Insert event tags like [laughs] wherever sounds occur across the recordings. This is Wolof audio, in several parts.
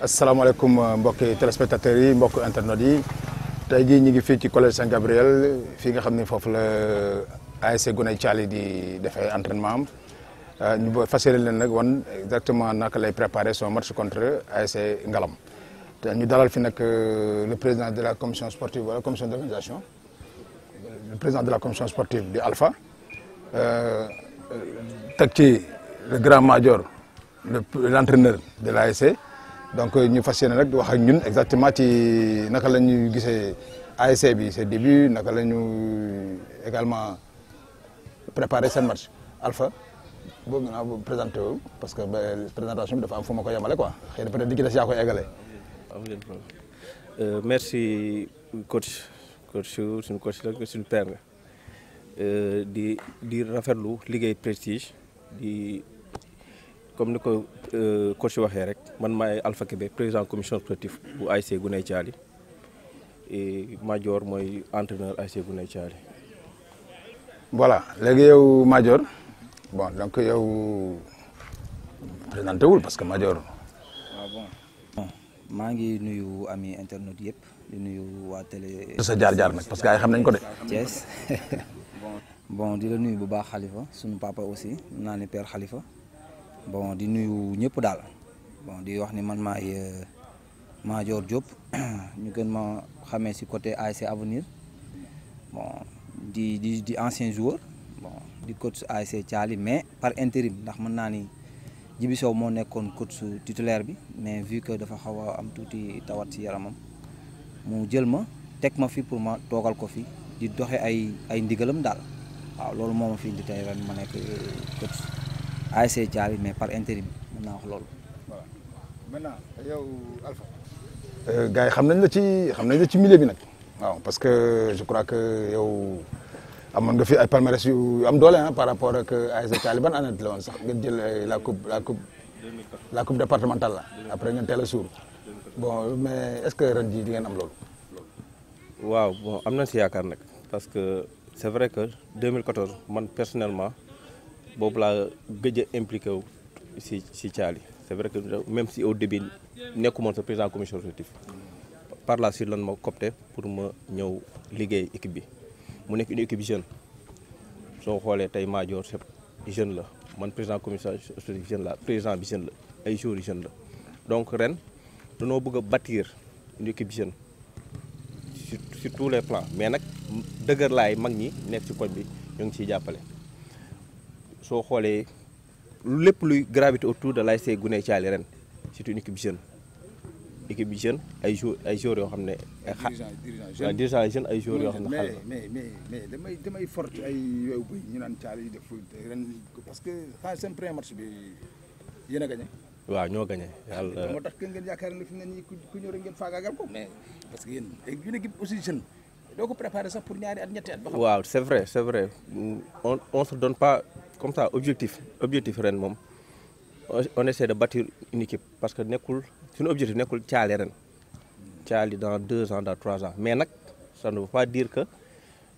asalaamaaleykum euh, mbokki téléspectateurs yi mbokk internet yi tey jii ñu ngi fii ci collège Saint Gabriel fii nga xam ni foofu la euh, ASC Guney Caali di defee entraînement am euh, ñu ba fas yéene leen nag won exactement naka lay préparer son match contre ASC Ngalam. nous ñu dalal fi nak euh, le président de la commission sportive voilà commission d'organisation le président de la commission sportive di Alpha euh, euh, teg le grand major l'entraîneur de l'ASC donc ñu fas nak wax ak ñun exactement ci naka lañu ñu ASC bi ses débuts naka lañu également préparer cette marche Alpha bëgg naa présenté parce que ben, présentation bi dafa am fu ma ko yemale quoi peut-être di ci des yaa koy ah, euh, merci coach coach une coach c'est une perle. de di di rafetlu liggéey prestige di comme le euh, coach waxee rek man maay Alpha Kébé président commission sportive bu ASC et major, je suis entraîneur ASC Guney Caali voilà le yow major. bon donc yow présenté wul parce que major. ah bon maa nuyu ami internet yep di nuyu waa télé. sa jaar-jaar nak parce que ay xam nañ ko de. Thiès [laughs] bon di la nuyu bu baax Khalifa sunu papa aussi nani père Khalifa bon di nuyu ñëpp dal bon di wax ni man ma euh, Madior Diop [clears throat] ñu gën ma xamé ci côté AC Avenir bon di di di ancien joueur bon di coach AC Thialy mais par intérim ndax mën nani Djibi Sow un coach titulaire bi mais vu que dafa xawa am touti tawat ci yaramam mu jël ma tek ma fi pour ma ko fi di doxe ay ay ndigalam dal waaw fi indi ma euh, coach mais par intérim mën wax maintenant Alpha. Euh, milieu parce que je crois que amon nga fi ay palmarès yu am doole hein ah, par rapport ak eh, ASC Taliban ana année sax ngeen jël eh, la coupe la coupe la coupe départementale la après ngeen télé sour bon mais est ce que ren jii di ngeen am loolu. waaw bon am na si yaakaar nag parce que c'est vrai que 2014 man personnellement boobu laa gëj a impliqué wu si si Thiali c' vrai que même si au début nekkumoon sa président commission exécutif par la suite lan ma copté pour ma ñëw liggéey équipe bi. mu nekk une bi jeune soo xoolee tey Madior Seck jeune la man président commission sportive jeune la président bi jeune la ay joueurs jeune la donc ren danoo bëgg a bâtir une bi jeune sur sur tous les plans mais nag dëgër laay mag ñi nekk ci koñ bi ñoo ngi ciy jàppale soo xoolee lépp luy gravité autour de l'ASC Guney Caali ren c'est une bi jeune équipe jeune ay jour ay jour yo xamné ne. ay xa ay jeune ay jour yo xamné ne mais mais mais damay damay forte ay yooyu bëy ñu nan caal def ren parce que xaaral seen premier match bi yéen gagné. waaw ñoo gagné. yalla moo tax kenn ngeen yakkar ni fi mu ne nii ku ñëw rek ngeen faagaagal ko mais parce que yéen une équipe aussi jeune. doo ko préparer sax pour ñaari at ñetti at. waaw c'est vrai c'est vrai on on se donne pas comme ça objectif objectif ren mom on essaie de bâtir une équipe parce que nekul suñu objectif nekkul caali ren caali dans deux ans dans trois ans mais nag ça ne veut pas dire que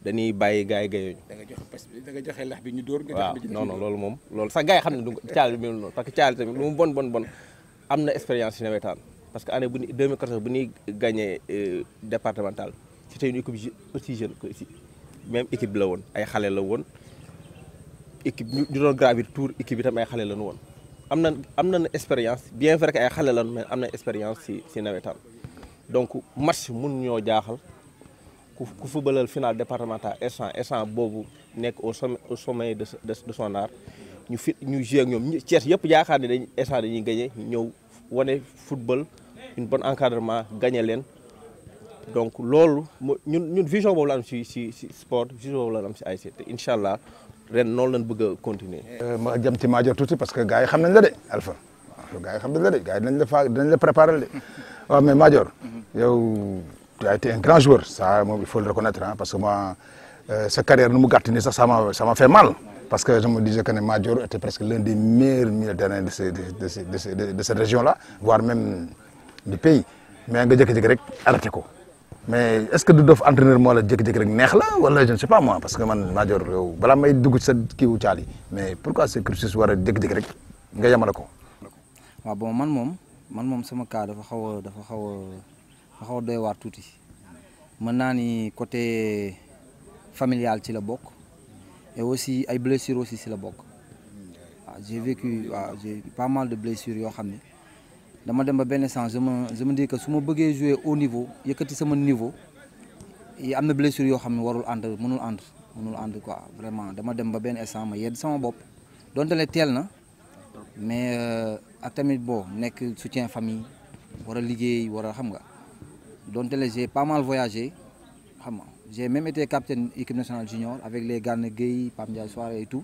dañuy bàyyi gars yi gaye da nga joxe da nga joxe lax bi ñu dóor. waaw non loolu moom loolu sax gaay xam ne du caali parce que caali tamit lu mu bon bon bon am na expérience si nawetaan parce que année bu ni 2014 bu ñuy gagné euh, départemental c'était une équipe aussi jeune que ici même équipe la woon ay xale la woon équipe ñu doon gravir tour équipe bi tam ay xale la ñu woon. am na expérience bien vrai que ay xalé lan mais expérience si si donc match ñoo jaaxal ku final départemental instant instant bobu nek au sommet au sommet de de son art ñu fi ñu jé ak yépp football une bonne encadrement gagné len donc nous ñun ñun vision inshallah. la am si sport vision bobu la am ren non lañ bëgg continuer. Euh, ma jëm ci Madior tuuti parce que gars yi xam nañ la dé Alpha gars yi xam nañ la dé gars yi dinañ la faa dinañ la préparer mais Madior. yow tu as été un grand joueur ça il faut le reconnaître hein. parce que moi euh, sa carrière nous mu gàtt ça ça m'a ça m'a fait mal. parce que je me disais que Madior était presque l'un des meilleurs milieux de terrain de ces de de cette région là voire même du pays mais nga jékki-jékki rek arrêté ko mais est-ce que du dof entraîneur moo la jékki-jékki rek neex la wala je ne sais pas moi parce que man Madior yow balaa may dugg sa kii wu caal mais pourquoi ce cursus war a jékki-jékki rek nga yemale ko. bon man moom man moom sama cas dafa xaw a dafa xaw a dafa xaw a doy waar tuuti mën naa côté familial ci la bokk et aussi ay blessures aussi ci la bokk waaw j'ai vécu waaw j'ai pas mal de blessures yoo xam dama dem ba benn sens je me je me dis que su ma bëggee jouer au niveau yëkkati sama niveau yi am na blessure yoo xam ne warul ànd mënul ànd mënul ànd quoi vraiment dama dem ba benn instant ma yedd sama bopp donte ne teel na mais euh, ak tamit boo nekk soutien famille war a liggéey war a xam nga donte ne j'ai pas mal voyagé xam nga j'ai même été capitaine équipe nationale junior avec les gars Gueye Pape Ndiaye Souare et tout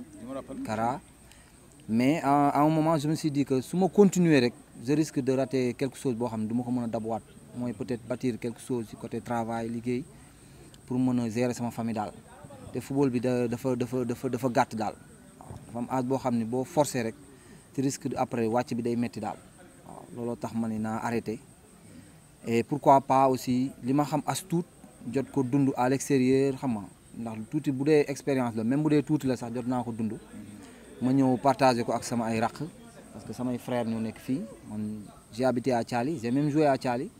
Kara mais à un moment je me suis dit que su ma continuer je risque de rater quelque chose je xam ko peut-être bâtir quelque chose ci côté travail liguey pour mën gérer sama famille Le football bi dafa dafa dafa dafa gàtt risque après watch, bi day metti dal tax arrêté et pourquoi pas aussi lima xam as à l'extérieur xam nga ndax touti expérience la même bu choses, la jot ko ma parce que mes frères nous nekk fii fille j'ai habité à Tchali, j'ai même joué à Tchali.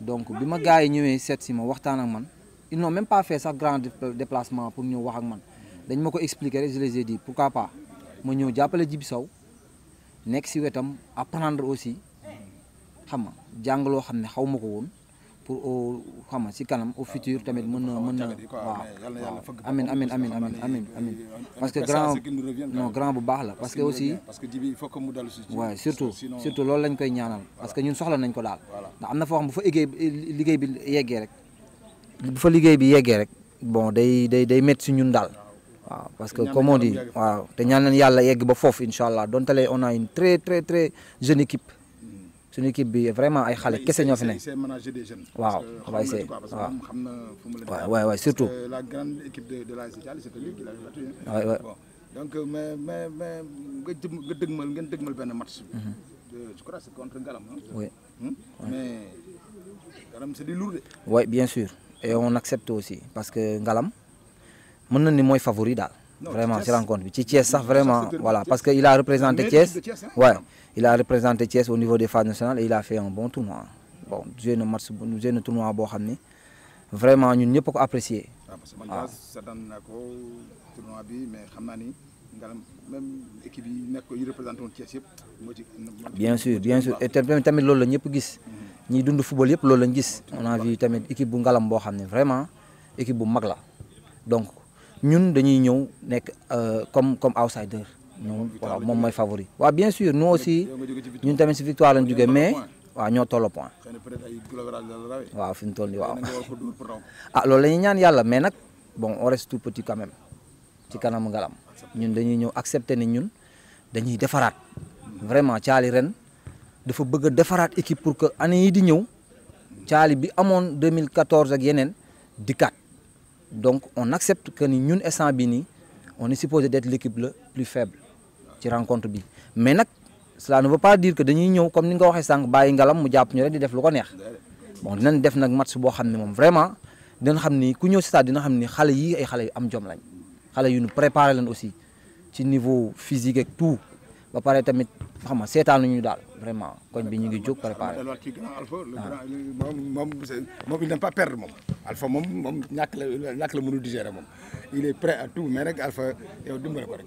donc quand ma gars sont venus si man ils n'ont même pas fait ce grand déplacement pour venir wax ak man dañ ma ko je les ai dit pourquoi pas Ils m'ont jàppale Djiby Sow nekk si apprendre aussi Je ne sais pas, je ne sais pas pour au xam si kanam au futur ah, tamit mën na mën na waaw amin amin amin amin amin amin parce que grand non grand bu baax la parce que aussi parce que que il faut mu waaw surtout surtout loolu lañ koy ñaanal parce que ñun soxla nañ ko daal ndax am na foo xam bu fa liggéey liggéey bi yeggee rek bu fa liggéey bi yeggee rek bon day day day métti si ñun daal waaw parce que comme on dit waaw te ñaan nañ yàlla yegg ba foofu incha allah donte on a une très très très jeune équipe une équipe vraiment ay qu'est-ce fi surtout la grande équipe de de lui qui l'a battu hein. donc euh, mais mais mais mhm. je crois c'est contre hein. oui hmm? mais c'est du lourd oui bien sûr et on accepte aussi parce que galam mon favori vraiment ci rencontre ci vraiment voilà parce qu'il a représenté Thiès hein. ouais il a représenté Thiès au niveau des phases nationales et il a fait un bon tournoi. Bon, joué un match, joué un tournoi à Bohamni. Vraiment, nous n'avons pas apprécié. Ah, parce que ah. certains tournoi bi mais xam naa ni même équipe yi nekk yi représenté Thiès yëpp moo ci. bien sûr bien sûr et tamit loolu la ñëpp gis. Mhm. ñiy dund football yëpp loolu lañ gis. on a vu tamit équipe bu ngalam boo xam ne vraiment équipe bu mag la donc ñun dañuy ñëw nekk euh, comme comme outsider non mon mon favori wa bien sûr nous aussi ñun tamit si victoire lañ jógee mais waaw ñoo le point waaw fi mu toll nii waaw [laughs] ah loolu la ñaan yàlla mais bon on reste tout petit quand même ci avons ah. accepté ñun dañuy ñëw accepter ni ñun dañuy defaraat vraiment caali ren dafa bëgg a defaraat équipe pour que année yi di ñëw bi 2014 ak yeneen dikkaat donc on accepte que nous ñun instant on est supposé d'être l'équipe la plus faible ci rencontre bi mais nak cela ne veut pas dire que dañuy ñëw comme ni nga sank baye ngalam mu japp ñu rek di def lu ko neex bon dinañ def nak match bo xamni mom vraiment dinañ xamni ni ku ñëw ci stade dina xamni ni yi ay xalé am jom lañ xalé yu ñu préparer lañ aussi ci niveau physique ak tout ba paré tamit xam nga seetaan nañu daal vraiment koñ bi ñu ngi jóg préparé. Ah. moom mom il n'a pas perdre moom. Alpha mom moom ñàkk la ñàkk la mënul digérer moom il est prêt à tout mais rek Alpha yow dimbale ko rek.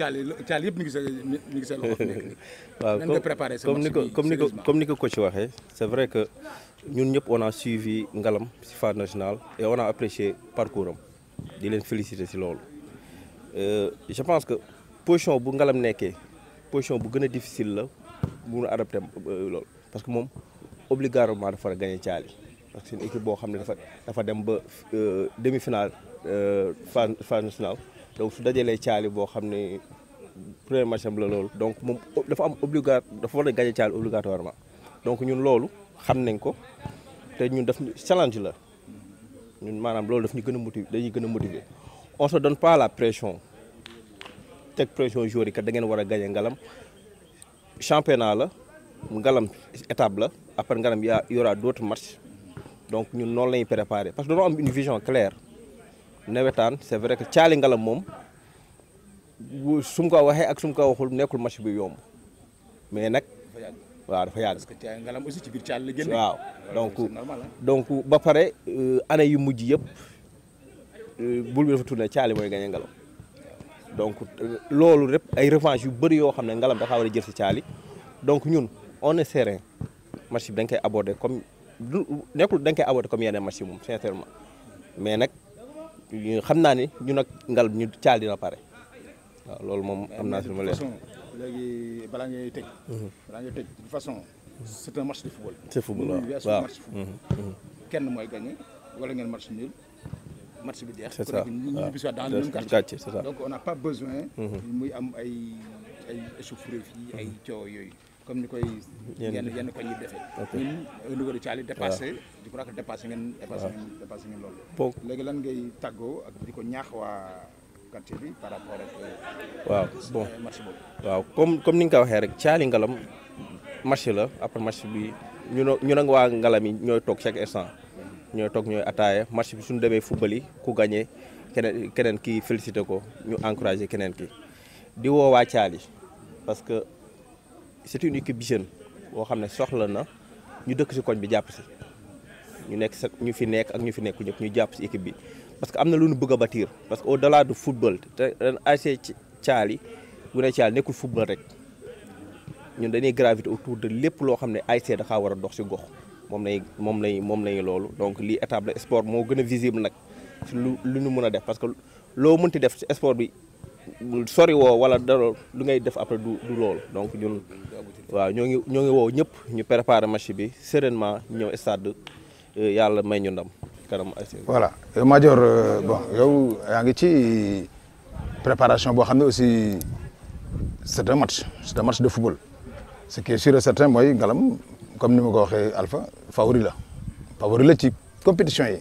caal caal yëpp mi ngi ngi sa loxo [laughs] comme ni ko comme ni ko comme ni ko coach waxee c'est vrai que ñun ñëpp on a suivi ngalam ci phase nationale et on a apprécié parcours am di leen féliciter ci loolu euh, je pense que position bu ngalam nekkee position bu gën a difficile la mun a adapté euh, loolu parce que moom obligatoirement dafa war a gagner caal parce que c'est une équipe boo xam ne dafa dafa dem ba euh, demi-finale phase phase nationale donc su dajalee caali boo xam ne premier match am la loolu donc moom dafa am dafa war a gañe caali obligatoirement donc ñun loolu xam nañ ko te ñun daf challenge la ñun maanaam loolu daf ñu gën a motiver dañuy gën a motiver on se donne pas la pression teg pression joueur yi kat da ngeen war a gañe ngalam championnat la ngalam étape la après ngalam yaa y aura d'autres matchs donc ñun noonu la ñuy préparer parce que dañoo am une vision claire nawetaan c'est vrai que caali ngalam moom sum mu ko waxee ak su mu ko waxul nekkul match bi yomb mais nag. waaw dafa yàgg parce que ngalam aussi ci biir caali la génne waaw donc donc ba pare euh, année yu mujj yëpp euh, bul bi dafa tourné caali mooy gagné ngalam. Euh, loolu rek ay revanche yu bëri yoo xam ne ngalam dafa war a jël si caali donc ñun on est serein match bi dañ koy aborder comme du nekkul dañ koy aborder comme yeneen match moom moom ma mais nag. xam naa ni ñu nag ngal ñu caal dina pare waaw loolu moom am naa si lu ma leen. léegi balaa ngay tëj. Mhm. balaa ngay tëj de façon. c'est un match de football. c'est football waaw mhm. Mhm. kenn mooy gagné wala ngeen match nul match bi jeex. c'est ça dans le même quartier donc on n'a pas muy am ay ay échauffourées yooyu. comme ni koy yenn yenn koñ yi defee ñun Louga Thiali dépassé di crois que dépassé ngeen dépassé ngeen dépassé ngeen loolu léegi lan ngay tàggoo ak di ko ñaax waa quartier bi par rapport ak euh, waaw bon euh, marché boobu waaw comme comme ni nga ko rek Thiali ngalam marché la après marché bi ñu ñu nag waa ngalam yi ñooy toog chaque instant ñooy toog ñooy ataaya marché bi suñu demee football yi ku gagné keneen keneen kii félicité ko ñu encouragé keneen ki di woo waa Thiali parce que c'est une équipe jeune boo xam ne soxla na ñu dëkk si koñ bi jàpp si ñu nekk sa ñu fi nekk ak ñu fi nekk ñëpp ñu jàpp si équipe bi parce que am na lu ñu bëgg a bâtir parce que au delà du football te ren ASC Thialy Ngoné Thialy nekkul football rek ñun dañuy gravité autour de lépp loo xam ne ASC dafa war a dox si gox moom lay moom lay moom lay loolu donc lii étape sport moo gën a visible nag si lu lu ñu mën a def parce que loo mënti def ci sport bi sori woo wala dara du ngay def après du lool loolu donc ñun waaw ñoo ngi ñoo ngi woo ñëpp ñu préparer match bi sereinement ñëw stade euh, yàlla may ñu ndam kanam. voilà euh, Madior euh, bon yow yaa ngi ci préparation boo xam ne aussi c'est un match c'est un match de football ce qui est sûr certain mooy ngalam comme ni ma ko waxee Alpha favori la favori la ci compétition yi.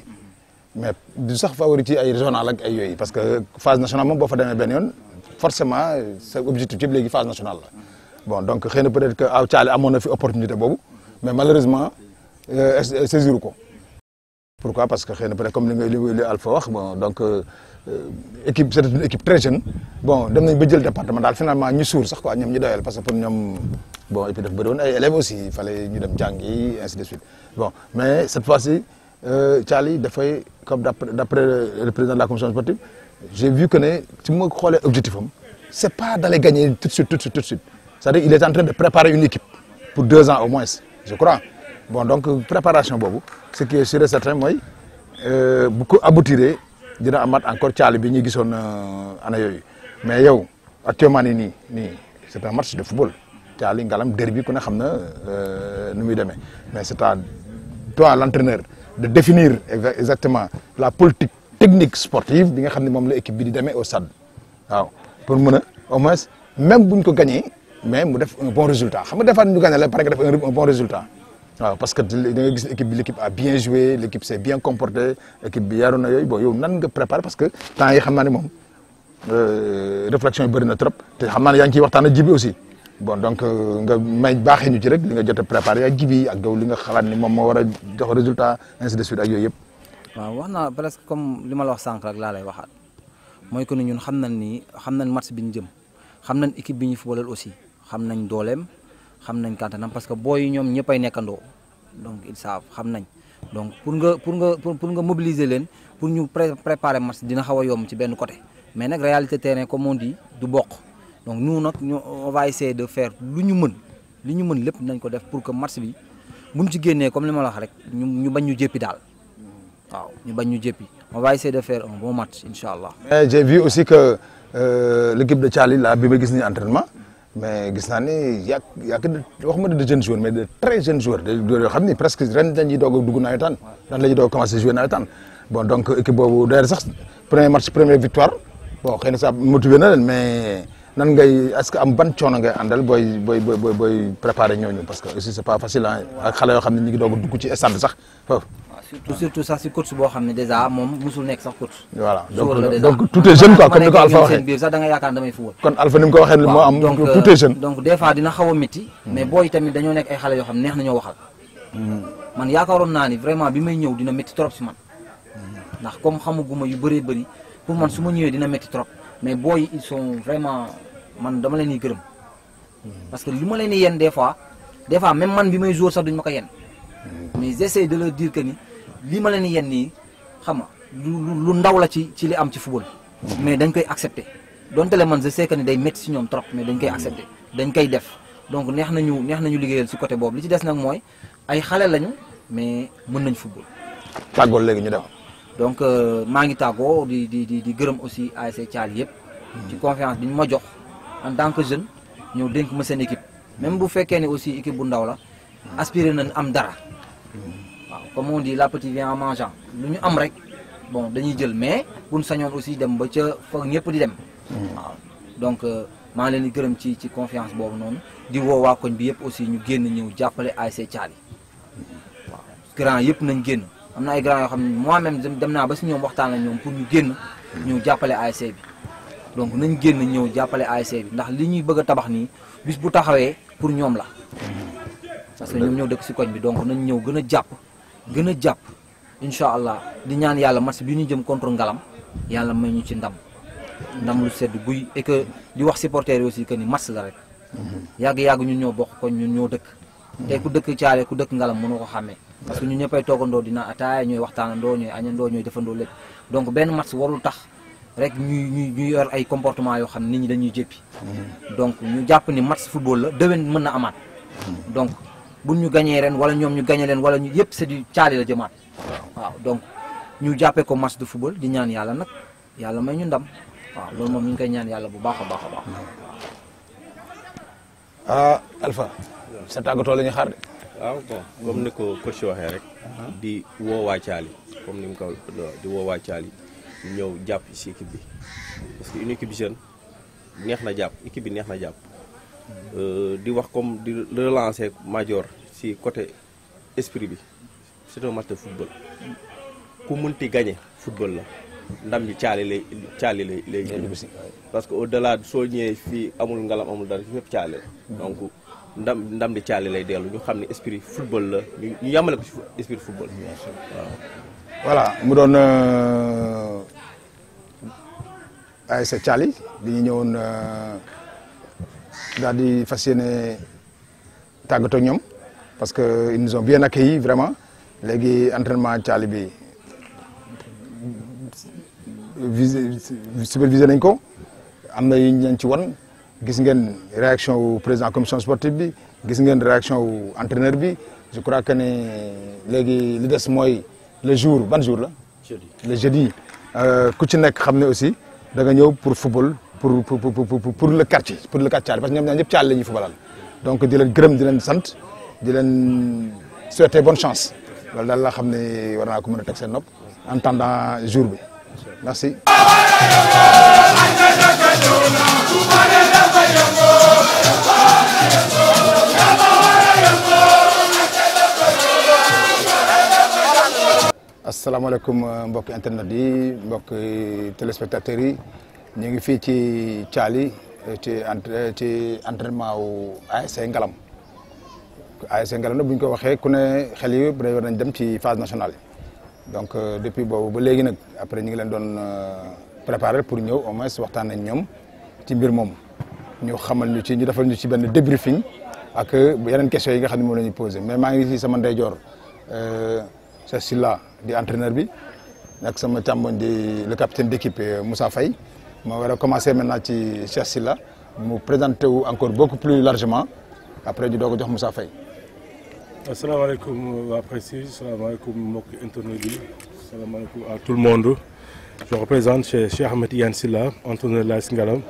mais du sax favori ay régional ak ay parce que phase nationale moom boo fa demee benn forcément c'est objectif de léegi phase nationale la bon donc rien ne peut-être que aw caale amoon fi opportunité boobu mais malheureusement euh, euh, saisiru ko pourquoi parce que rien ne peut-être comme li nga Alpha wax bon donc euh, équipe c'est une équipe très jeune bon dem nañ ba jël département daal finalement ñu suur sax quoi ñoom ñu doyal parce que pour ñoom bon et puis daf bëri ay élèves aussi il fallait ñu dem jàng ainsi de suite bon mais cette fois-ci euh, Charlie d'après comme le président de la commission sportive j'ai vu que l'objectif si pas d'aller gagner tout de suite tout de suite tout de suite c'est-à-dire il est en train de préparer une équipe pour deux ans au moins je crois bon donc préparation ce qui est sûr et certain moi, euh, Beaucoup dina encore Charlie bi euh, ana mais actuellement ni ni. un match de football Charlie ngalam derby qu'on a fait, euh, mais c'est toi l'entraîneur de définir exactement la politique technique sportive bi nga xam équipe bi au stade waaw pour mën au moins même bu ñu ko gagné mais mu def un bon résultat xam nga defaat ñu gagné la pare un bon résultat waaw parce que l'équipe a bien joué l'équipe s'est bien comportée l'équipe a bien joué, yooyu bon nan nga préparé parce que tant que xam naa une euh, réflexion yi bëri na trop te xam naa ne ngi ciy waxtaan ak aussi bon donc euh, nga may baxé ñu ci rek li nga jotté a préparé ak gibi ak gaw li nga xalaat ni mom mo wara jox résultat ainsi de suite ak yoyep wa waaw wax naa presque comme lima la wax sank rek la lay waxat moy ko ni ñun xam nañ ni xam nañ match biñu jëm xam nañ équipe biñu ñu footballal aussi xam nañ dooleem xam nañ kàttanam parce que boy ñom ñoom nekkando donc ils savent xam nañ donc pour nga pour nga pour nga mobiliser len pour ñu préparer match dina xawa yom ci ben côté mais nak réalité terrain comme on dit du bokk donc nous nag on va essayer de faire lu ñu mën li ñu mën lépp nañ ko def pour que match bi buñ ci génnee comme li ma la wax rek ñu ñu bañ ñu jéppi daal waaw ñu bañ ñu on va essayer de faire un bon match Inch'Allah. mais j'ai vu aussi que euh, l'équipe de Charlie l'a bi ma gis ni entraînement mais gis naa ni y a y a que de de jeunes joueurs mais de très jeunes joueurs De, xam ni presque ren dañuy doog a dugg nawetaan ren la ñuy doog a commencé jouer bon donc équipe boobu d'ailleurs sax premier match première victoire bon xëy na ça motivé mais. nan ngay est-ce que am ban coono ngay àndal booy booy booy booy préparer ñooñu parce que aussi c'est pas facile ak xale yoo xam ne ñu ngi doog a dugg ci stade ah, sax si coach boo xam ne déjà moom musul nekk sax coach. voilà donc donc jeune quoi comme ni ko Alpha waxee biir sax da nga yaakaar damay football. kon Alpha ni mu ko waxee moo am tout euh, a métti. Hmm. mais dañoo nekk ay xale yoo xam neex nañoo waxal. Hmm. man yaakaaroon naa ni vraiment bi may ñëw dina métti trop si man. Hmm. ndax comme xamuguma yu bëree bëri pour man su ma ñëwee dina métti trop mais booy ils sont vraiment man dama leen di gërëm. parce que li ma leen di yenn des fois des fois même man bi may joué sax duñ ma ko yenn. mais j'essaie de la diir que ni li ma leen di yenn nii xam nga lu lu ndaw la ci ci li am ci football. mais dañ koy accepter donte le man je sais ni day métti si ñoom trop mais dañ koy accepter dañ koy def donc neex nañu neex nañu liggéeyal si côté boobu li ci des nag mooy ay xale lañu mais mën nañ football. tàggool léegi ñu dem. donc euh, maa ngi tàggoo di di di di gërëm aussi ASC Thialy yëpp. ci confiance bi ñu ma jox en tant que jeune ñëw dénk ma seen équipe. même bu fekkee ne aussi équipe bu ndaw la aspiré nañ am dara. waaw comme on dit l'appétit vient en lu ñu am rek bon dañuy jël mais buñ sañoon aussi dem ba ca foog ñëpp di dem. donc euh, maa ngi leen di gërëm ci ci confiance boobu noonu di woo bi yëpp aussi ñu génn ñëw jàppale ASC Thialy waaw grand yëpp nañ génn. am na ay grand yoo xam ne moi même dem naa ba si ñoom waxtaan ak ñoom pour ñu génn ñëw jàppale ASC bi donc nañ génn ñëw jàppale ASC bi ndax li ñuy bëgg a tabax nii bis bu taxawee pour ñoom la parce que ñoom ñoo dëkk si koñ bi donc nañ ñëw gën a jàpp gën a jàpp incha allah di ñaan yàlla match bi ñu jëm contre ngalam yàlla mañ ñu ci ndam ndam lu sedd guy et di wax supporters yi aussi que ni match la rek mhm. yàgg-yàgg ñu ñoo bokk koñ ñun ñoo dëkk te ku dëkk caale ku dëkk ngalam mënu ko xàmmee parce que ñu ñëppay toogandoo dina ataaya ñooy waxtaanandoo ñooy añandoo ñooy defandoo lépp donc benn match warul tax rek ñuy ñuy ñuy yor ay comportement yoo xam nit ñi dañuy jéppi hmm. donc ñu jàpp ni match football la déwén mën na amaat hmm. donc buñ ñu gagné ren wala ñoom ñu gagné leen wala ñu yëpp c'est du caali la jëmaat waaw donc ñu jàppee ko match de football di ñaan yàlla nag yàlla may ñu ndam waaw loolu moom ñu ngi koy ñaan yàlla bu baax a baax a baax hmm. ah Alpha sa tàggatoo la ñu xaar de waaw ah, bon comme ni ko coach waxee rek. di woo waa Thiali comme ni mu ko di woo waa ñëw jàpp ci équipe bi parce que une équipe jeune neex na jàpp équipe bi neex na jàpp. Euh, di wax comme di relancer Madior ci côté esprit bi c'est un match de football ku mënti gagner football la. ndam bi caali lay caali lay lay parce que au delà soo ñëwee fii amul ngalam amul dara ci fépp caali la donc ndam ndam di caali lay dellu ñu xam ne esprit football la ñu yàmmale ko ci esprit football. waaw. mu doon ay sa caali bi ñu ñëwoon euh, daal di fas yéene tàggatoo ñoom parce que ils nous ont bien accueillis vraiment léegi entraînement caali bi visé supervisé nañ ko am na ñu ci wan. gis au réaction au président commission sportive bi gis une réaction au entraîneur bi je crois que les leaders li le jour ban jour jeudi le jeudi euh, ku ci nekk aussi da nga ñëw pour football pour pour pour pour le quartier pour le quartier parce que ñoom ñoo ñëpp caal la ñuy footballal donc di leen gërëm di leen sant di leen souhaiter bonne chance Voilà, daal la xam ne war naa ko mën a en attendant jour bi merci. asalaamaaleykum euh, mbokk internet yi mbokk téléspectateurs yi ñu ngi fii ci Thialy euh, ci euh, ci entraînement wu ASC Ngalam ASC Ngalam bu ñu ko waxee ku ne xel yi bu war nañ dem ci phase nationale donc depuis boobu ba léegi nag après ñu ngi leen doon préparer pour ñëw au moins waxtaan nañ ñoom ci mbir moomu ñu xamal ñu ci ñu defal ñu ci benn débriefing ak il y yi nga question ne moom la ñuy mais maa ngi si sama ndeyjoor euh, Cheikh Silla di entraîneur bi ak sama le capitaine d'équipe euh, Moussa Faye ma war commencer maintenant ci Cheikh Silla mu présenter wu encore beaucoup plus largement après du dogo de jox Moussa Faye. asalaamaaleykum waa Prestige asalaamaaleykum mok internet yi asalaamaaleykum à tout le monde je représente Cheikh Ahmed Yansila, entraîneur de la Ngalam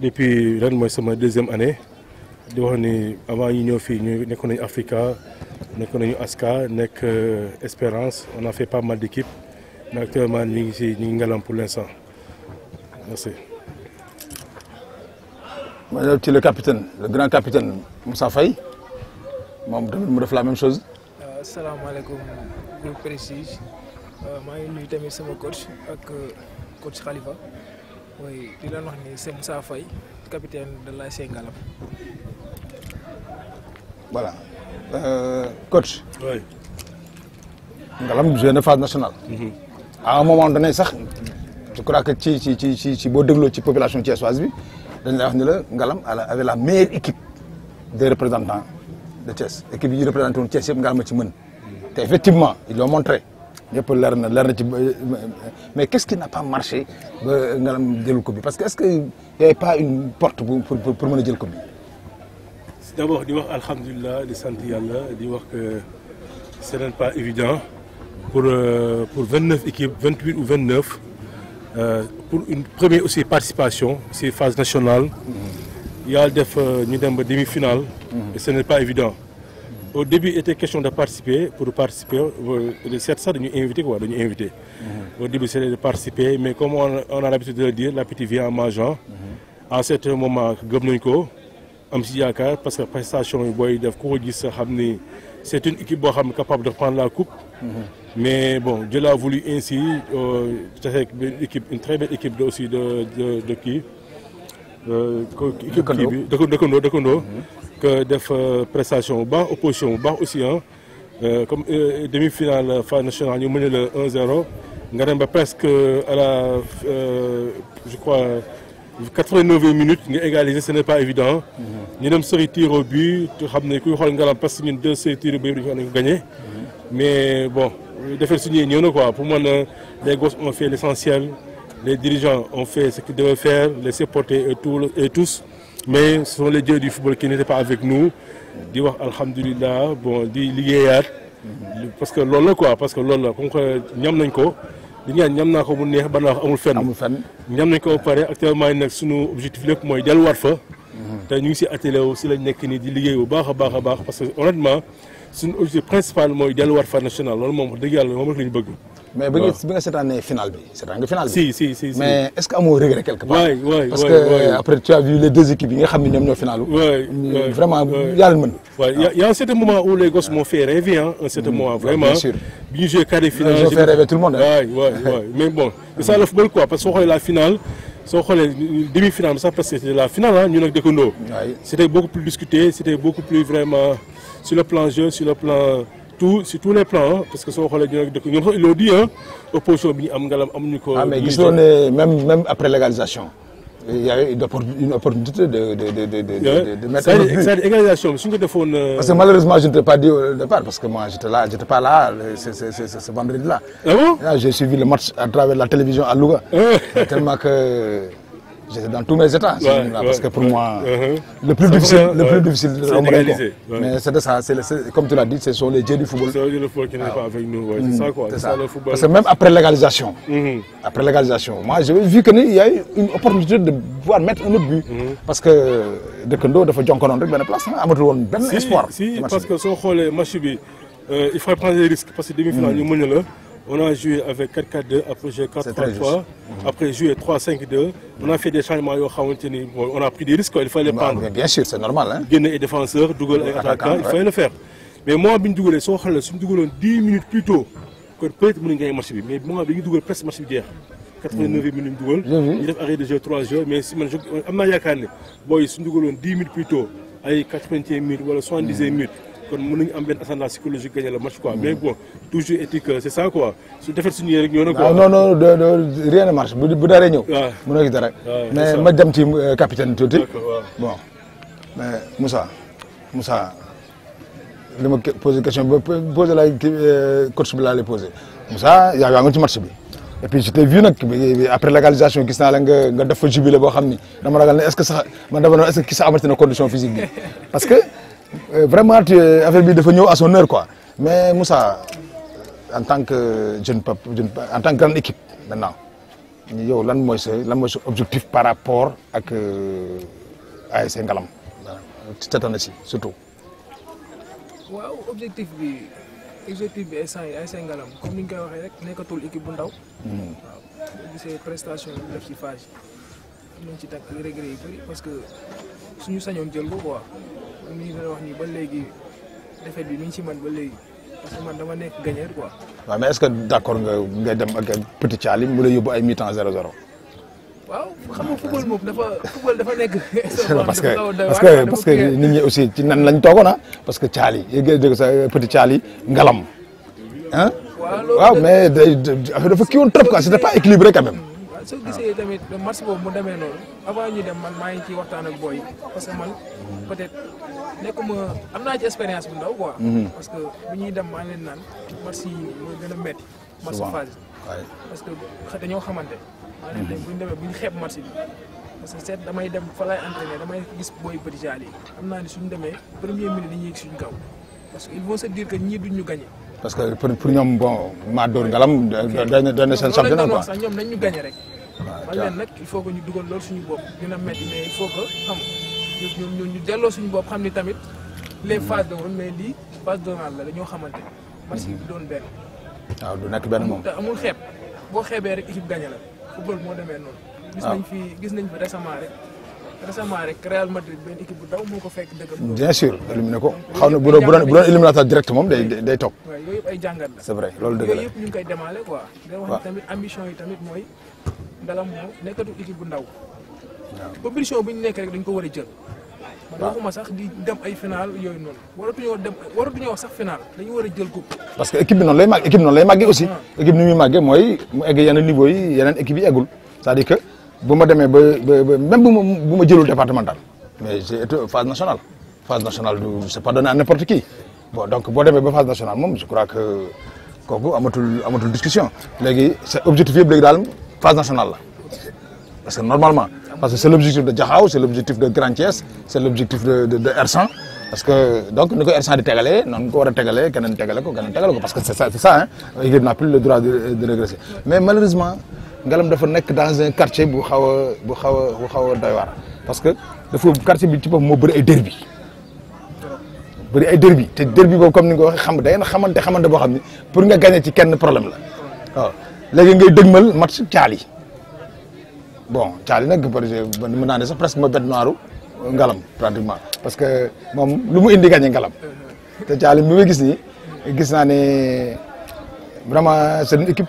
depuis ma sama deuxième année di wax ni avant ñu ñëw fii ñu nekkoon nañu Africa nekkoon nañu ASCA nekk euh, Espérance on a fait pas mal d'équipes mais actuellement ñu ngi si ñu pour l'instant merci. ma ñëw le capitaine le grand capitaine Moussa Faye moom tamit mu def la même chose. asalaamaaleykum euh, groupe Prestige euh, maa ngi nuyu tamit sama coach ak coach Khalifa. mooy di leen wax ni c'est Moussa Faye capitaine de l'ASC Ngalam voilà euh, coach oui. Ngalam joué na phase nationale mhm. à un moment donné sax je ci ci ci ci ci boo dégloo ci population thiessoise bi dañ lay wax ni la Ngalam avait la meilleure équipe des représentants de Thiès équipe yi représenté woon Thiès yëpp Ngalam a ci mën mhm. te effectivement ils l'ont montré mais qu'est-ce qui n'a pas marché dans le parce quest ce qu'il n'y a pas une porte pour pour pour d'abord di wax alhamdulilah dire que ce n'est pas évident pour euh, pour 29 équipes 28 ou 29 euh, pour une première aussi participation une phase nationale. Il y a une demi-finale. Mm-hmm. et ce n'est pas évident au début était question de participer pour participer euh, c'est ça nous invité quoi invité mhm. au début c'était de participer mais comme on, a l'habitude de le dire petite vient en mangeant en ce moment là ko am parce que prestation est c'est une équipe capable de prendre la coupe mhm. mais bon Dieu l'a voulu ainsi c'est euh, une très belle équipe aussi de de de euh, Kondo que des euh, prestation bas opposition au bas aussi hein. Euh, comme euh, demi finale euh, nationale nous menons le 1-0 Nous avons presque à la je crois 89 minutes avons égalisé, ce n'est pas évident. Nous avons série tir au but nous avons kuy deux au but gagné. Mm-hmm. mais bon defar suñuy quoi pour moi, les gosses ont fait l'essentiel les dirigeants ont fait ce qu'ils devaient faire les supporters et et tous mais ce sont les dieux du football qui n'étaient pas avec nous di wax bon di parce que loolu quoi parce que loolu la que ñam nañ ko ñam ko mu neex ko actuellement yi objectif mhm. ñu ngi si wu si lañ parce que c'est principalement principal mooy dellu war national loolu moom dëgg yàlla rek la ñu mais bi nga bi nga final bi seetaan final bi. si si si mais est ce que amoo regret quelque part. waay waay parce que après tu as vu les deux équipes yi nga xam ne ñoom ñoo final. vraiment yàlla mën. y' a un certain moment où les gosses ah. m'ont fait rêver hein un certain hmm. moment bah, vraiment. bien sûr bien joué carré final. finale. j'ai fait rêver tout le monde hein. waay waay waay mais bon. ça le football quoi parce que soo la finale. soo xoolee demi finale ça sax parce que c'est la finale ah hein, ñu nag dëkkandoo. waay beaucoup plus discuté c'était beaucoup plus vraiment sur le plan jeu sur le plan tout sur tous les plans hein, parce que son xoolee ñu nekk ils l'ont dit hein, opposition bi am ngalam ah, mais même même après légalisation. il y a une opportunité de de de de de de mettre. cest place. égalisation euh, parce que malheureusement je ne t'ai pas dit au départ parce que moi j'étais là j'étais pas là ce vendredi ah là. ah j'ai suivi le match à travers la télévision à Louga. tellement que dans tous mes états. parce que pour moi, uh-huh. le plus difficile, le plus difficile Mais c'est ça, comme tu l'as dit, ce sont les dieux du football. C'est le football qui n'est pas avec nous, mm, c'est ça le Parce que même après l'égalisation, mm-hmm. après l'égalisation, moi j'ai vu qu'il y a eu une opportunité de pouvoir mettre un but. Mm-hmm. Parce que de Kendo, de de Place, ah, espoir. Si, parce que si on euh, il faudrait prendre des risques parce que demi-finale, mm. nous on a joué avec 4-4-2, après joué 4-3-3, mhm. après joué 3-5-2. On a fait des changements, on a pris des risques, il fallait les ah, prendre. bien sûr, c'est normal. Hein? Guinée est défenseur, Dougal est attaquant, il fallait le faire. Mais moi, si je Dougal 10 minutes plus tôt, peut-être que je gagner le match. Mais moi, je Dougal presque le match d'hier. 89 minutes Dougal, il a arrêté de jouer 3 jours, mais si je suis 10 minutes plus tôt, 80 minutes ou 70 minutes kon mënuñu am ben ascendant psychologique gagner le match quoi. mais bon toujours éthique c'est ça quoi su défaite suñu rek ñoo na. quoi ah, non non rien ne marche bu dara daree ñëw. waaw ah. dara. Ah, mais ma dem ci euh, capitaine tout bon mais Moussa Moussa li ma posé question ba poser la euh, coach bi la lay posé Moussa yaa yaa nga ci match bi. et puis j'étais vu nak après légalisation gis naa la nga nga def fa jubilé boo xam dama ragal ne est-ce que sax man dama ne est-ce que ki sax amati na condition physique bi parce que. Euh, vraiment affaire bi dafa ñëw à son heure quoi mais Moussa en tant que jeune pap en tant que grande équipe maintenant yo lan moy sa lan moy objectif par rapport ak euh, ASC Ngalam cette année ci surtout. waaw objectif bi objectif bi instant yi ASC Ngalam comme ni ñu waxe rek nekatul équipe bu ndaw. Hmm. waaw boo gisee prestation bi def ci phase ñu ci tak regret parce que suñu sañon jël ko quoi. ni nga wax nii ba léegi défaite bi mi ngi ci man ba léegi parce que man dama nekk gagneur quoi. waaw mais est-ce que d'accord nga nga dem ak petit Thialy mu lay yóbbu ay mi-temps 0-0. waaw xam nga football moom dafa football dafa nekk. parce que parce que parce que nit ñi aussi ci nan lañ toogoon ah parce que Thialy yi nga dégg sa petit Thialy ngalam ah. waaw mais day dafa kii woon trop quoi c'était pas équilibré quand même. waaw soo gisee tamit match boobu mu demee noonu avant ñuy dem man maa ngi ciy waxtaan ak booy parce que man peut-être ma am naa ci expérience bu ndaw quoi. Mhm. parce que bu ñuy dem maa leen naan match yi mooy gën a métti. match phase parce que dañoo xamante. maa leen leen mhm. bu ñu demee bu ñu xeeb match bi. parce que seet damay dem fa laay entraîné damay gis booy bëri jaal yi. am naa ni suñu demee premier minute dañuy ñu suñu kaw parce que il faut se dire que ñii duñ ñu gagné. parce que pour pour ñoom bon maa dóor ngalam doy na doy na seen championnat quoi. sax ñoom nañ ñu gagné rek. waaw leen nag il faut que ñu dugal loolu suñu bopp dina métti mais il faut que xam ñu ñu suñu bopp xam ni tamit les phases de woon mais lii phase de la ñoo xamante parce que du doon benn. waaw du nekk benn moom. amul xeeb boo xeebee rek équipe gagné la football moo demee noonu. gis nañ fi gis nañ fi récemment récemment rek Real Madrid benn équipe bu ndaw moo ko fekk dëgg. bien sûr éliminé ko xaw na bu doon bu doon bu loolu dëgg la yooyu yëpp ñu ngi koy demaale tamit mooy ndalam moo nekkatu équipe bu ndaw. waaw compétition bu ñu nekk rek dañ ko war a jël. waaw man waxuma sax gi dem ay final yooyu noonu waratuñoo dem waratuñoo sax final dañu war jël coupe. parce que équipe bi noonu lay màgg équipe noonu lay ah. màggee mooy mu egg yenn niveau yi yeneen équipe yi eggul cest à que. même si je départemental mais j'ai été phase nationale phase nationale du c'est pas donné à n'importe qui bon donc boo demee ba phase nationale je crois que kooku amatul amatul discussion c'est objectif de la phase nationale parce que normalement parce que c'est l'objectif de Diakhao c'est l'objectif de Grand Thiès c'est l'objectif de de de R100 parce que donc ni ko R100 di tegalee noonu ko war a tegalee Tégalé, ko keneen ko parce que c'est ça c'est ça hein il n'a plus le droit de de régresser mais malheureusement. ngalam dafa nek dans un quartier bu xawa bu xawa bu xawa doy war parce que dafa quartier bi ci bop mo beuri ay derby beuri ay derby te derby bop comme ni nga waxe xam day na xamante xamante bo xamni pour nga gagner ci kenn problème la wa léegi ngay deugmal match caali bon caali nak parce que ni naa ne sax presque ma bet noiru ngalam pratiquement parce que mom lu mu indi gagné ngalam te caali mi ma gis ni gis na ne vraiment c'est une équipe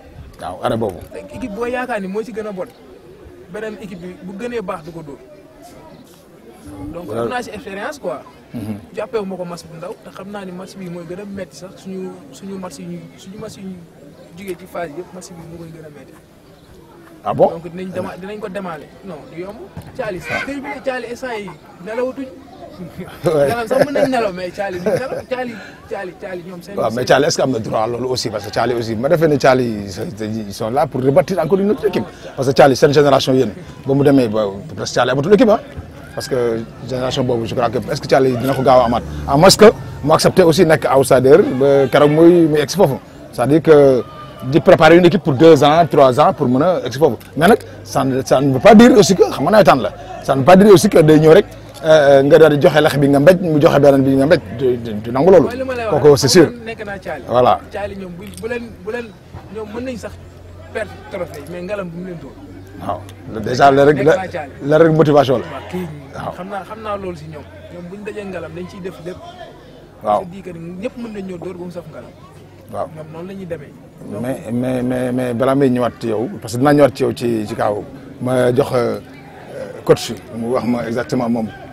waaw ana boobu. équipe boo yaakaar ni moo ci gën a bon beneen équipe bi bu gënee baax du ko dóor. donc am a ci expérience quoi. Mhm. jàppewu ma ko match bu ndaw te xam naa ni match bi mooy gën a metti sax suñu suñu match yi suñu match yi ñu ci phase yëpp match bi moo koy gën a metti. ah bon donc dinañ dema dinañ ko demaale non du yomb. caali sax ah. bi ne caali instant mais Charlie, du nelaw Thialy Thialy mais Thialy est-ce que am le droit loolu aussi parce que Charlie aussi ma defee ne ils sont là pour rebâtir encore une autre équipe parce que c'est une génération jeune. ba mu demee ba presque Thialy amatul équipe hein? parce que génération boobu je crois que est-ce que Charlie dina ko gaaw a À à moins que mu accepter aussi nekk outsider car keroog muy muy Ça veut c'est-à-dire que. de préparer une équipe pour deux ans trois ans pour mën a egg mais ça ne ça ne veut pas dire aussi que xam nga nawetaan la ça ne veut pas dire aussi que de ñëw rek. nga daal di joxe lax bi nga mbaj mu joxe benen bi nga mbaj du nangul lolu koko c'est sûr voilà chali ñom bu len bu len ñom mën nañ sax perdre trophée mais ngalam bu mu leen dóor waaw déjà le rek le rek motivation la waaw xamna naa xam naa ñom si buñ dajé ngalam dañ ci def lépp waaw di que ñep mën nañ ñoo door bu mu sax ngalam waaw ñom non lañuy démé mais mais mais mais bala may ñëwaat ci yow parce que dina ñëwaat ci yow ci ci kaw ma jox euh, coach mu wax ma exactement mom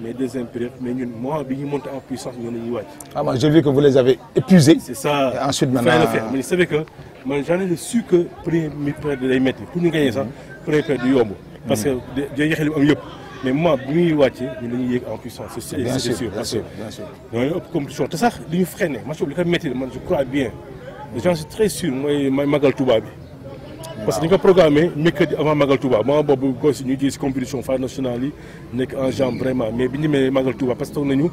mais des impérieux. Mais nous, moi, nous montons en puissance, nous sommes wach. Ah, moi, j'ai vu que vous les avez épuisés. C'est ça. Et ensuite, maintenant. Mais vous savez que, moi, j'en ai su que, près de les mettre, pour nous gagner ça, mm-hmm. près du Yombo. Parce que, mm-hmm. Dieu y a un Yop. Mais moi, nous sommes wach, nous sommes en puissance. C'est sûr. Bien sûr, bien sûr. Nous avons une compétition. C'est ça, nous freinons. Moi, je suis obligé de mettre, je crois bien. J'en suis très sûr, moi, Magal Toubabi parce que dañ ko programmé mercredi avant Magal Touba moment boobu gos ñu ngi ci compétition phase nationale nek en jambe vraiment mais bi ñu demee Magal Touba parce que nous,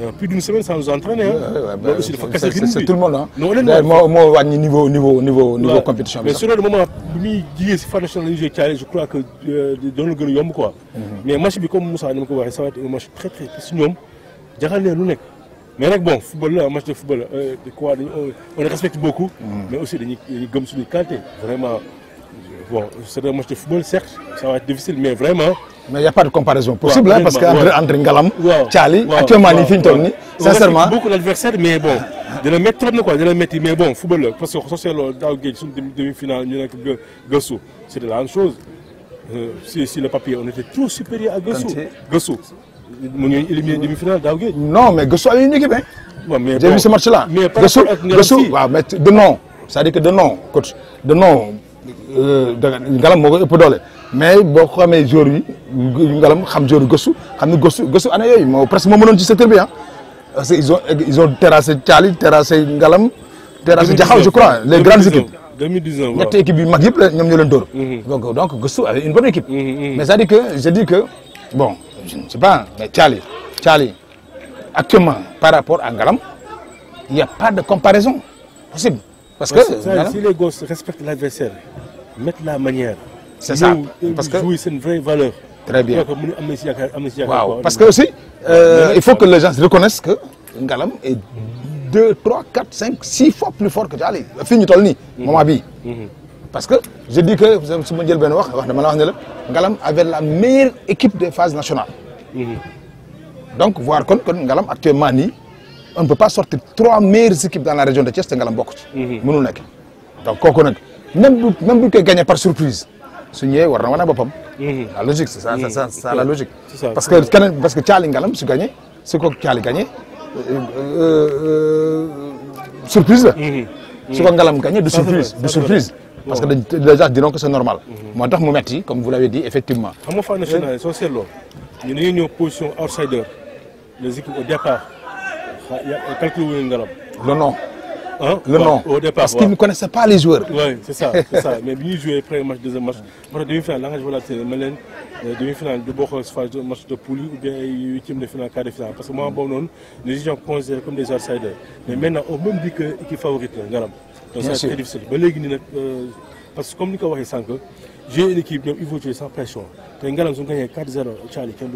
euh, plus d'une semaine sans nous entraîner. hein. Bah, aussi dafa kese c'est tout le monde hein. non honnêtement niveau niveau niveau niveau compétition mais sur le moment bi muy jigee si nationale je crois que euh, dans le gën a yomb quoi. Mhm. mais match bi comme Moussa ni ko waxee ça va être un match très très si ñoom jaxal lu mais nag bon football la match de football euh, quoi on respecte beaucoup. Mhm. mais aussi gommes gëm les qualité vraiment. Bon, c'est un match de football, certes, ça va être difficile, mais vraiment. Mais il n'y a pas de comparaison possible, hein, parce qu'André ouais. Ngalam, Charlie, actuellement, il finit sincèrement. beaucoup d'adversaires, mais bon, de le mettre trop, quoi, de le mettre, mais bon, football, parce que c'est le demi-finale, Gossou, c'est de la même chose. Euh, si, si, le papier, on était trop supérieur à Gossou. Gossou, on a éliminé demi-finale, Daogué. Non, mais Gossou a une équipe, hein. J'ai vu ce match-là. Mais Gossou, Gossou, wa mais de nom, ça veut dire que de nom, coach, de nom. Euh, ngalam moko ko ëpp doole mais boo xamee jour yi ngalam xam jour yi gëstu xam ni gëstu gëstu année yooyu moo presque moo mënoon ci secteur bi ah parce que ils ont ils ont terrassé Thiali terrassé ngalam terrassé Diakhao je crois les grandes équipes 2010 ñetti équipe yu mag yëpp la ñoom ñoo leen dóor mm-hmm. donc donc gëstu avec une bonne équipe mm-hmm, mm-hmm. mais ça à dire que je dis que bon je ne sais pas mais Thiali Thiali actuellement par rapport à ngalam il n'y a pas de comparaison possible parce, que, si les gosses respectent l'adversaire, mettent la manière, c'est ça. Parce que jouissent une vraie valeur. Très bien. Parce que aussi, euh, il faut que les gens reconnaissent que Ngalam est 2, 3, 4, 5, 6 fois plus fort que Djali. Fini Tolni, mon mhm. habit. Mhm. Parce que je dis que, vous avez dit que Ngalam avait la meilleure équipe des phases nationales. Mhm. Donc, voir que Ngalam actuellement, on ne peut pas sortir trois meilleures équipes dans la région de Thiès c'est mhm. donc on même si même gagne par surprise su ñëwee war na mhm. la logique c'est ça mhm. la logique. parce que keneen parce que Thiali Ngalam su gagné euh, euh, surprise là. su gagne, Ngalam de surprise de surprise. parce que les gens diront que c'est normal. Moi, je mu metti comme vous l'avez dit effectivement. Comment faire Phare national soo une ñu a une position outsider les équipes au départ calculé wuñu ngalam. le nom. Hein? le nom. Au départ, Parce ouais. qu'ils ne connaissaient pas les joueurs. Oui, c'est ça, c'est ça. Mais bien joué, premier match, deuxième match. Moi, demi-finale, l'angage voilà, c'est Mélène. Euh, demi-finale, de Boko, match de poule ou bien huitième de finale, quart de finale. Parce que moi, bon non, les gens considèrent comme des outsiders. Mais maintenant, on même dit que qui favorite, là, Donc Donc, c'est très difficile. Mais les euh, parce que comme nous avons dit, j'ai une équipe, ils vont jouer sans pression. Ngaram, ils ont gagné 4-0, Charlie, qu'est-ce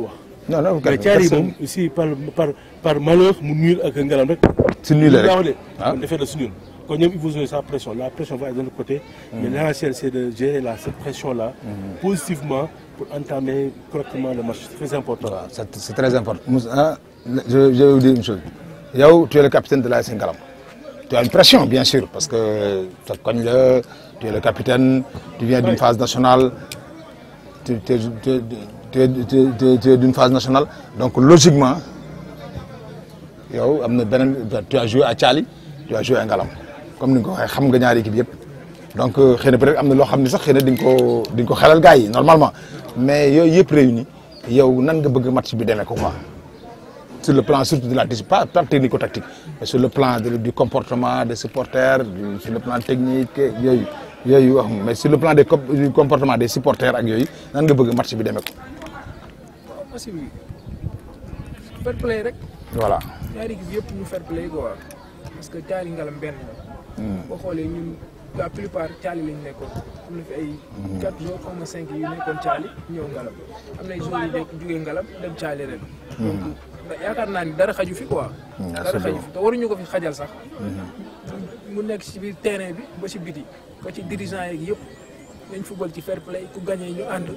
non non mais par par par malheur mu nul ngalam rek. su nuyul rek fait de. nul quand il faut cette pression la pression va de l'autre côté. Hmm. mais l'essentiel c'est de gérer la cette pression là. Hmm. positivement pour entamer correctement le match c'est très important. c'est très important. Ah, je je vais vous dire une chose Yao, tu es le capitaine de la Ngalam. tu as une pression bien sûr parce que tu connais, tu es le capitaine tu viens d'une phase nationale tu tu tu es d'une phase nationale donc logiquement tu as joué à Tchali, tu as joué à Ngalam comme nous, avons ko waxee xam nga donc euh, xëy na peut-être am sax ko normalement mais yooyu yëpp réuni yow nan nga bëgg match bi match ko quoi sur le plan surtout de la discipline, pas tactique mais sur le plan du comportement des supporters sur le plan technique yoy, yoy, mais sur le plan des du comportement des supporters ak yooyu nan nga bëgg match bi demee aussi fair play rek. voilà ñaari équipe ñu fair play quoi parce que tali ngalam benn la. boo xoolee ñun la plupart tali lañ nekkoon am na fi ay. 4 jours xaw ma 5 yu nekkoon caali ñëw ngalam am na ay jours yu nekk jugee ngalam dem tali ren. donc yaakaar naa ni dara xaju fi quoi. dara xaju fi te ko fi xajal sax. mu nekk ci biir terrain bi ba ci biti ba ci dirigeant yeeg yëpp nañ football ci fair play ku gagné ñu ànd.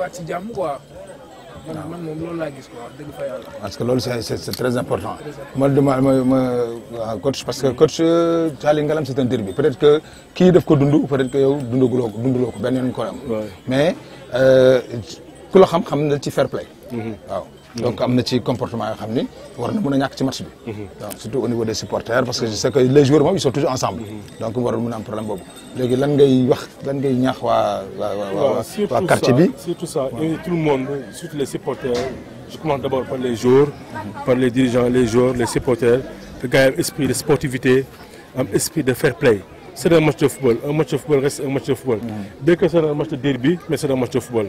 wat ci jàmm quoi. man fa parce que loolu c'est très important. Mal de ma ma coach parce que coach euh, Aly Ngalam un derby peut être que qui def ko dundou peut être que yow dundou ko dundaloo ko benn yoon ko am. mais euh, ku la xam xam na ci fair play. Mm-hmm. waaw donc il y ci comportement comportements qui na match mhm. surtout au niveau des supporters parce que je sais que les joueurs sont toujours ensemble. Mhm. donc warul mën a am problème boobu. léegi lan ngay wax lan ngay quartier ça tout le monde surtout les supporters je commence d'abord par les joueurs. Mhm. par les dirigeants les joueurs les supporters Le gars esprit de sportivité un esprit de fair play. C'est un match de football un match de football reste un match de football. dès que c'est un match de derby mais c'est un match de football.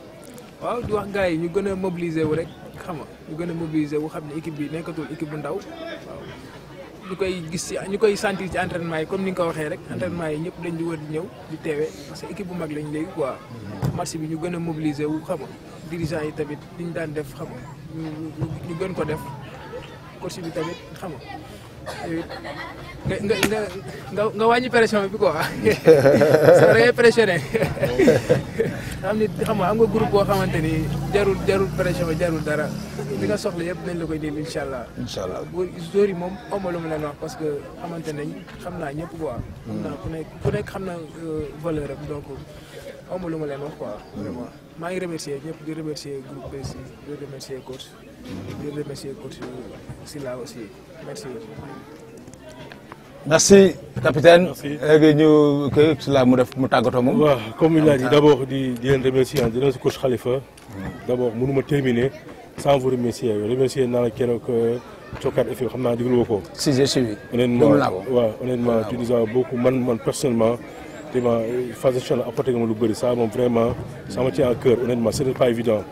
waaw di wax gars yi ñu gën a mobiliser wu rek xam nga ñu gën a mobiliser wu xam ne équipe bi nekkatul équipe bu ndaw waaw ñu koy gis ci ñu koy sentir ci entraînement yi comme ni nga ko waxee rek entraînement yi ñëpp dañ di wër di ñëw di teewee parce que bu mag lañu léegi quoi match bi ñu gën a mobiliser wu xam nga yi tamit li ñu daan def xam ñu ñu gën ko def coach bi tamit xam nga nga nga nga nga wàññi pression bi quoi parce [laughs] que da ngay pressionné [laughs] xam ni xam nga am nga groupe xamante ni jarul jarul pression jarul dara li nga soxla yëpp nañ la koy déglu incha allah. incha allah bu jour yi moom amaloo mu leen wax parce que xamante nañ xam naa ñëpp quoi. xam naa ku nekk ku nekk xam na euh, valeur donc amaloo mu leen wax quoi. vraiment maa ngi remercier ñëpp di remercier groupe bi di remercier coach di remercier coach Sylla aussi merci beaucoup. merci capitaine Merci. ñu kii si la mu def mu tàggatoo moom. waaw comme il l'a dit ah. D'abord, je di di leen remercier hein, di D'abord, si coach Khalifa. terminer sans vous remercier remercier remercie la que euh, Cokkaat FM xam naa si j'ai suivi. honnêtement honnêtement tu nous beaucoup mon personnellement. tu phase de apporter apporté nga lu bëri ça m'a vraiment ça me tient à cœur honnêtement ce n'est pas évident.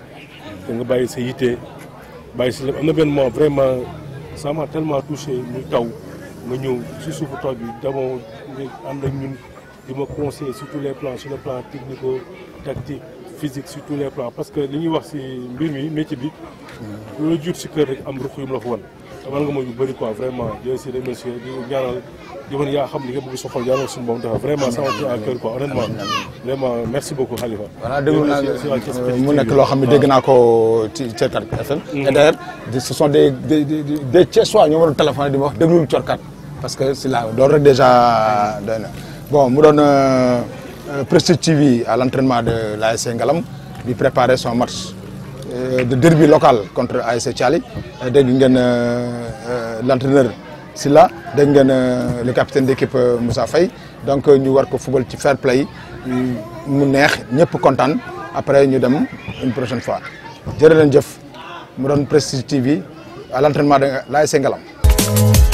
da nga bàyyi sa yitte bàyyi si lépp vraiment ça m'a tellement touché nous taw ma suis si suufu tool bi conseiller sur tous les plans sur le plan technico tactique physique sur tous les plans parce que li ñuy wax si mbir mi métier bi. le dur jur si kër rek am yu amal nga ma yu bëri quoi vraiment di aussi remercier di ñaanal di wan yaa xam li nga bëgg sa xol ñaanal suñu boppam dafa vraiment ça à cœur quoi honnêtement vraiment merci beaucoup Khalifa. voilà déglu naa mu nekk loo xam ne dégg naa ko ci Thierkat FM. Mm-hmm. et d'ailleurs ce sont des des des des Thiessois ñoo waroon téléphoné di ma wax déglul Thierkat parce que si la doon rek déjà doy bon mu doon euh, euh, Prestige TV à l'entraînement de l'ASC Ngalam di préparer son match. Euh, de derby local contre ASC Tchali euh, euh, l'entraîneur Silla le capitaine d'équipe Moussa Faye donc ñu war le football ci fair play nous sommes ñëpp après nous dem une prochaine fois jërë leen jëf mu TV à l'entraînement de l'AS Ngalam